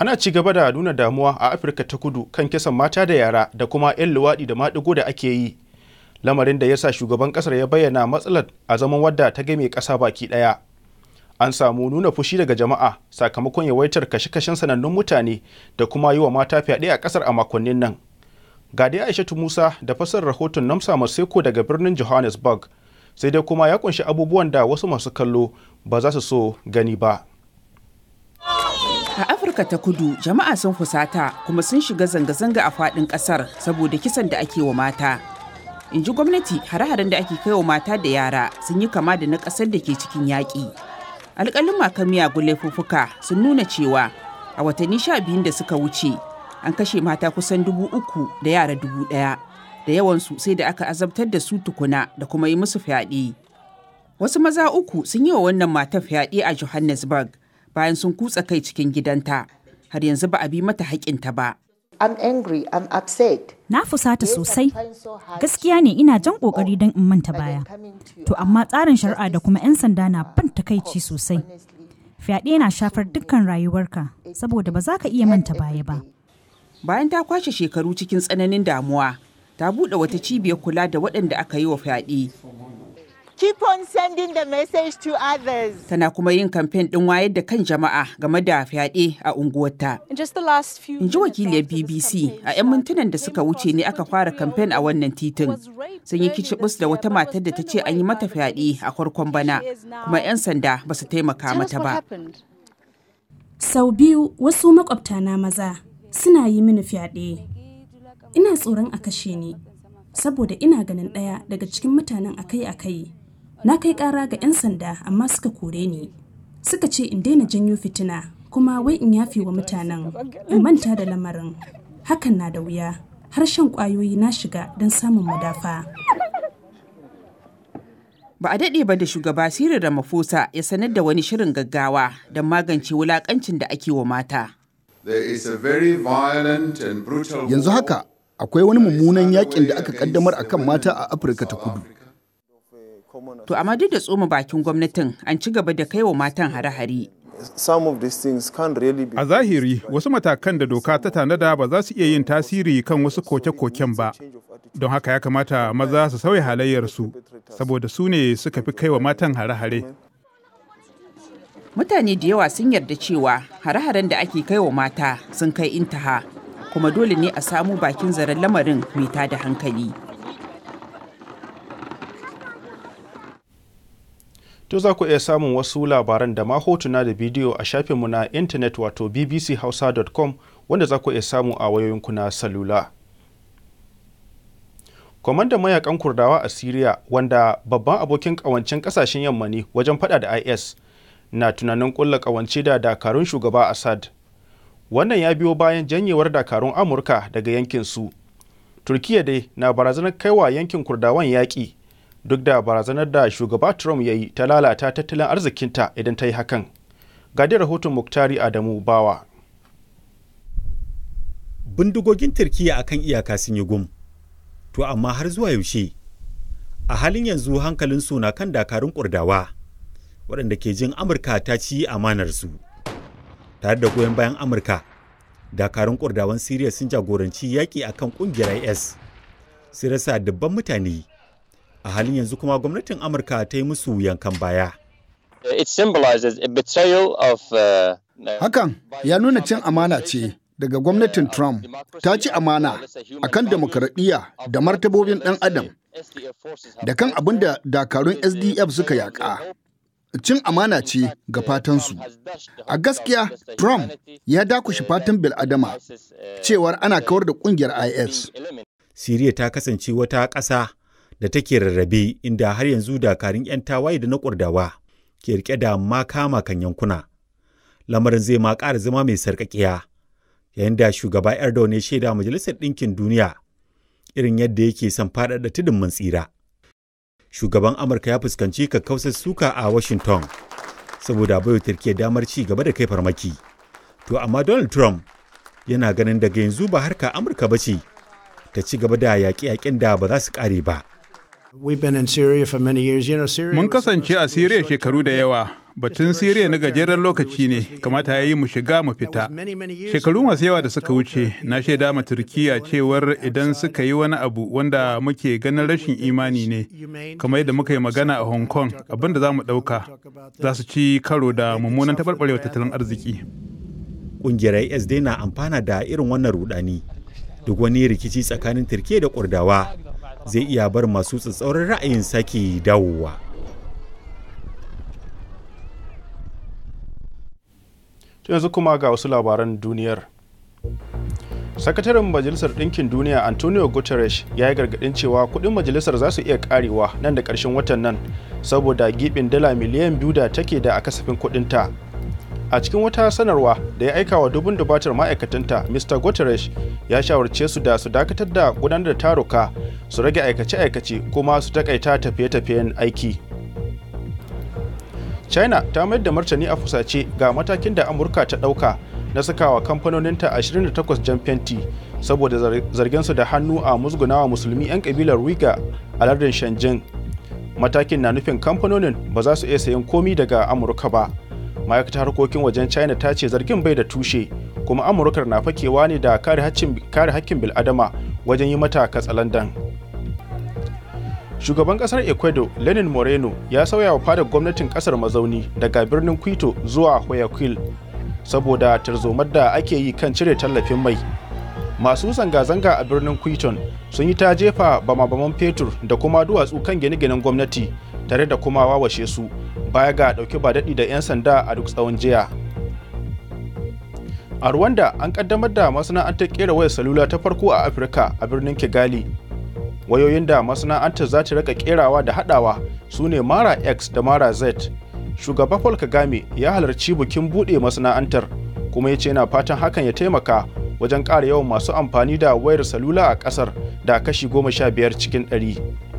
ana ci gaba da nuna damuwa a afirka ta kudu kan kisan mata da yara da kuma 'yan luwaɗi da maɗigo da ake yi lamarin da ya sa shugaban ƙasar ya bayyana matsalar a zaman wadda ta game ƙasa baki ɗaya an samu nuna fushi daga jama'a sakamakon yawaitar kashe-kashen sanannun mutane da kuma yi wa mata fyaɗe a ƙasar a makonnin nan ga dai aishatu musa da fasar rahoton namsa maseko daga birnin johannesburg sai dai kuma ya kunshi abubuwan da wasu masu kallo ba za su so gani ba A Afirka ta kudu jama'a sun fusata kuma sun shiga zanga-zanga a faɗin ƙasar saboda kisan da ake wa mata. In ji gwamnati hare-haren da ake kai wa mata da yara sun yi kama da na ƙasar da ke cikin yaƙi. Alƙalin makan miyagun laifuffuka sun nuna cewa a watanni sha biyun da suka wuce an kashe mata kusan dubu uku da yara dubu ɗaya da yawansu sai da aka azabtar da su tukuna da kuma yi musu fyaɗe. Wasu maza uku sun yi wa wannan matan fyaɗe a Johannesburg bayan sun kutsa kai cikin gidanta har yanzu ba a bi mata haƙinta ba. I'm Na fusata sosai. Gaskiya ne ina jan ƙoƙari don in manta baya. To amma tsarin shari'a da kuma 'yan sanda na ban takaici sosai. Fyaɗe na shafar dukkan rayuwarka saboda ba za ka iya manta baya ba. Bayan ta kwashe shekaru cikin tsananin damuwa, ta buɗe wata cibiyar kula da waɗanda aka yi wa fyaɗe keep on sending the message to others. Tana kuma yin kamfen ɗin wayar da kan jama'a game da fyaɗe a unguwarta. In ji wakiliyar BBC a 'yan mintunan da suka wuce ne aka fara kamfen a wannan titin. Sun yi kicibus da wata matar da ta ce an yi mata fyaɗe a farkon bana, kuma 'yan sanda ba su taimaka mata ba. Sau biyu wasu makwabta na maza suna yi mini fyaɗe. Ina tsoron a kashe ni, saboda ina ganin ɗaya daga cikin mutanen akai-akai na kai ƙara ga 'yan sanda amma suka kore ni suka ce in daina janyo fitina kuma wai in yafe wa mutanen in manta da lamarin hakan na da wuya har shan kwayoyi na shiga don samun madafa ba a daɗe ba da shugaba da Ramaphosa ya sanar da wani shirin gaggawa don magance wulakancin da ake wa mata. Yanzu haka akwai wani mummunan yakin da aka kaddamar a kan mata a Afirka ta kudu. To amma duk da tsoma bakin gwamnatin an ci gaba da kaiwa matan hare-hare. A zahiri wasu matakan da doka ta tanada ba za su iya yin tasiri kan wasu koke-koken ba, don haka ya kamata maza su sauya halayyarsu, saboda su ne suka fi kaiwa matan hare-hare. Mutane da yawa sun yarda cewa hare-haren da ake kaiwa mata sun kai intaha, kuma dole ne a samu bakin zaren lamarin mai da hankali. To za ku iya samun wasu labaran da ma hotuna da bidiyo a shafinmu na intanet wato bbchausa.com wanda za ku iya samu a wayoyinku na salula. Kwamandan mayakan Kurdawa a Siriya wanda babban abokin ƙawancen kasashen yamma ne wajen fada da IS na tunanin ƙulla ƙawance da dakarun shugaba Assad. Wannan ya biyo bayan janyewar dakarun Amurka daga yankinsu su. Turkiyya dai na barazanar kaiwa yankin Kurdawan yaƙi duk da barazanar da shugaba Trump ya yi ta lalata tattalin arzikinta idan ta yi hakan. Gadi rahoton Muktari Adamu Bawa. Bindigogin Turkiyya kan iyaka sun yi gum. To amma har zuwa yaushe? A halin yanzu hankalin na kan dakarun kurdawa waɗanda ke jin Amurka ta ci amanarsu. Tare da goyon bayan Amurka, dakarun kurdawan Siriya sun jagoranci yaƙi akan ƙungiyar IS. Su rasa dubban mutane a halin yanzu kuma gwamnatin amurka ta yi musu yankan baya uh, hakan ya nuna cin amana ce daga gwamnatin Trump ta ci amana a kan demokaradiyya da martabobin ɗan adam da kan abin da dakarun SDF suka yaƙa. Cin amana ce ga fatansu. A gaskiya, Trump ya dakushi fatan bil'adama cewar ana kawar da ƙungiyar IS. Siriya ta kasance wata ƙasa da take rarrabe inda har yanzu dakarun 'yan tawaye da na kurdawa ke rike da makama kan yankuna lamarin zai ma ƙara zama mai sarƙaƙiya yayin da shugaba erdogan ya shaida majalisar ɗinkin duniya irin yadda yake son da tudun mun tsira shugaban amurka ya fuskanci kakkausar suka a washington saboda baiwa turkiya damar ci gaba da kai farmaki to amma donald trump yana ganin daga yanzu ba harka amurka ba ce ta ci gaba da yaƙe-yaƙen da ba za su ƙare ba. Mun kasance a Siriya shekaru da yawa. Batun Siriya na gajeren lokaci ne, kamata ya yi mu shiga mu fita. Shekaru masu yawa da suka wuce, na shaida ma Turkiya cewar idan suka yi wani abu wanda muke ganin rashin imani ne, kamar yadda muka yi magana a Hong Kong abin da za mu ɗauka, za su ci karo da mummunan taɓarɓarewa tattalin arziki. Ƙungiyar SD dai na amfana da irin wannan rudani. Duk wani rikici tsakanin Turkiya da Kurdawa zai iya bar masu tsatsauran ra'ayin sake dawowa yanzu kuma ga wasu labaran duniyar sakataren majalisar ɗinkin duniya antonio guterres ya yi gargaɗin cewa kuɗin majalisar za su iya ƙarewa nan da ƙarshen watan nan saboda gibin dala miliyan biyu da take da a kasafin kuɗinta a cikin wata sanarwa da ya aika wa dubun dubatar ma'aikatanta mr guterres ya shawarce su da su dakatar da gudanar da taruka su rage aikace-aikace kuma su takaita tafiye-tafiyen aiki china ta mayar da martani a fusace ga matakin da amurka ta ɗauka na sakawa kamfanoninta 28 jan fenti saboda zarginsu da hannu a musgunawa musulmi 'yan kabilar wiga a lardin shenzhen matakin na nufin kamfanonin ba za su iya sayan komi daga amurka ba ma'aikatar harkokin wajen china ta ce zargin bai da tushe kuma amurkar na fakewa ne da kare hakkin bil'adama wajen yi mata katsalandan shugaban kasar ecuador lenin moreno ya sauya wa fadar gwamnatin kasar mazauni daga birnin quito zuwa guayaquil saboda tarzomar da ake yi kan cire tallafin mai masu zanga-zanga a birnin quiton sun yi ta jefa bama-baman fetur da kuma duwatsu kan gine-ginen gwamnati tare da kuma wawashe su baya ga ɗauki ba daɗi da 'yan sanda a duk tsawon jiya. A Rwanda an ƙaddamar da masana'antar ƙera wayar salula ta farko a Afirka a birnin Kigali. Wayoyin da masana'antar za ta rika ƙerawa da haɗawa su ne Mara X da Mara Z. Shugaba Paul Kagame ya halarci bikin buɗe masana'antar kuma ya ce yana fatan hakan ya taimaka wajen ƙara yawan masu amfani da wayar salula a ƙasar da kashi goma sha biyar cikin ɗari.